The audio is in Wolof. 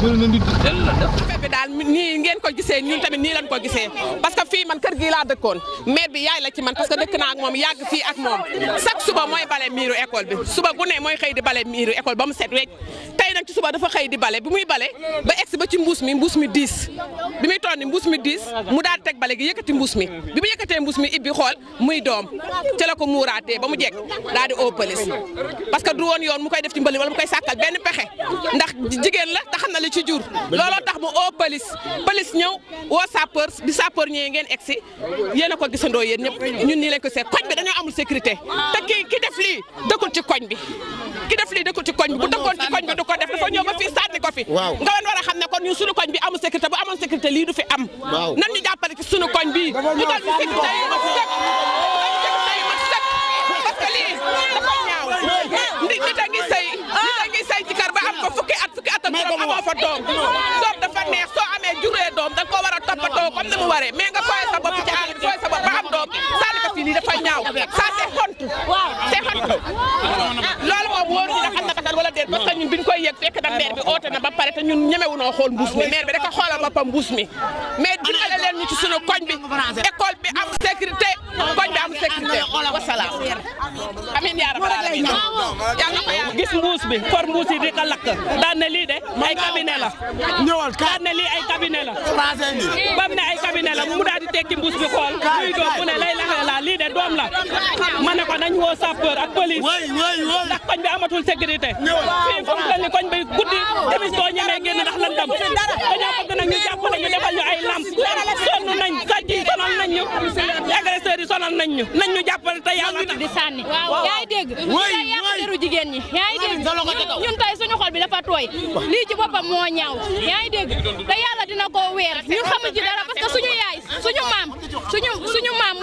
bi daal nii ngeen ko gisee ñun tamit nii lañ ko gisee parce que fii man kër gi laa dëkkoon maire bi yaay la ci man parce que dëkk naa ak moom yàgg fii ak moom chaque suba mooy bale miiru école bi suba bu mooy xëy di bale miiru école ba mu set wecc tey ci suba dafa xey di balé bi muy balé ba ex ba ci mbuus mi mbuus mi 10 bi muy toon ni mi 10 mu daal tek balé gi yëkëti mbuus mi bi mu yëkkatee mbuus mi ibbi xol muy dom té la ko muuraatee ba mu jék daal di óopalis parce que du woon yoon mu koy def ci mbali wala mu koy sakal ben pexé ndax jigen la te xam na li ci jur lolo tax mu oo pëlis pëlis ñëw woo sapeur bi sapeur ñe ngeen egsi yéen ko gissando yeen ñep ñun ni lañ ko seet koñ bi dañu amul sécurité té ki ki def li dëkkul ci koñ bi ki def li dëkkul ci koñ bi bu dëkkoon ci koñ bi du ko def dafa ñëw ba fii sànni ko fi nga wan war a xam ne kon ñun suñu koñ bi amul sécurité lii du fi am nan ñu jàppale ci suñu koñ bi ñu dal ñu sécurité yi ma sëkk sécurité yi ma sëkk parce que lii dafa ñaaw nit a ngi sëy nit a ba am ko fukki at fukki at soo amee juree doom da nga ko war a toppatoo comme ni mu waree mais nga fooy sa bopp ci àll bi fooy sa bopp ba ko fii lii dafa ñaaw ça c'est honte déedéet parce que ñun biñ koy yëg fekk na maire bi oote na ba pare te ñun ñemewunoo xool mbuus mi ah, maire bi rek a xoolal boppam mbuus mi mais dimbale leen ñu ci sunu koñ bi école bi am sécurité koñ bi am sécurité wasalaam amiin yaa rabbal aalamiin yàlla ko yaa gis mbuus bi for mbuus yi di ko lakk daan lii de ay cabinet bam ne ay cabinet mu daal tekki mbuus bi xool muy doon mu ne lay laxee la de doom la ma ne ko nañ woo sapeur ak police ndax koñ bi amatul sécurité fii fu mu toll ni koñ bi guddi tamit soo ñemee génn ndax lan dam dañoo bëgg nag ñu jàppale ñu defal ñu ay lamp sonn nañ sàcc yi sonal nañ ñu agresseurs yi sonal nañ ñu nañ di sànni ñi yaa ngi dégg ñun tey suñu xol bi dafa tooy lii ci boppam moo ñaaw yaa ngi dégg te yàlla dina weer ñun xamuñ ci dara parce suñu yaay suñu maam suñu suñu maam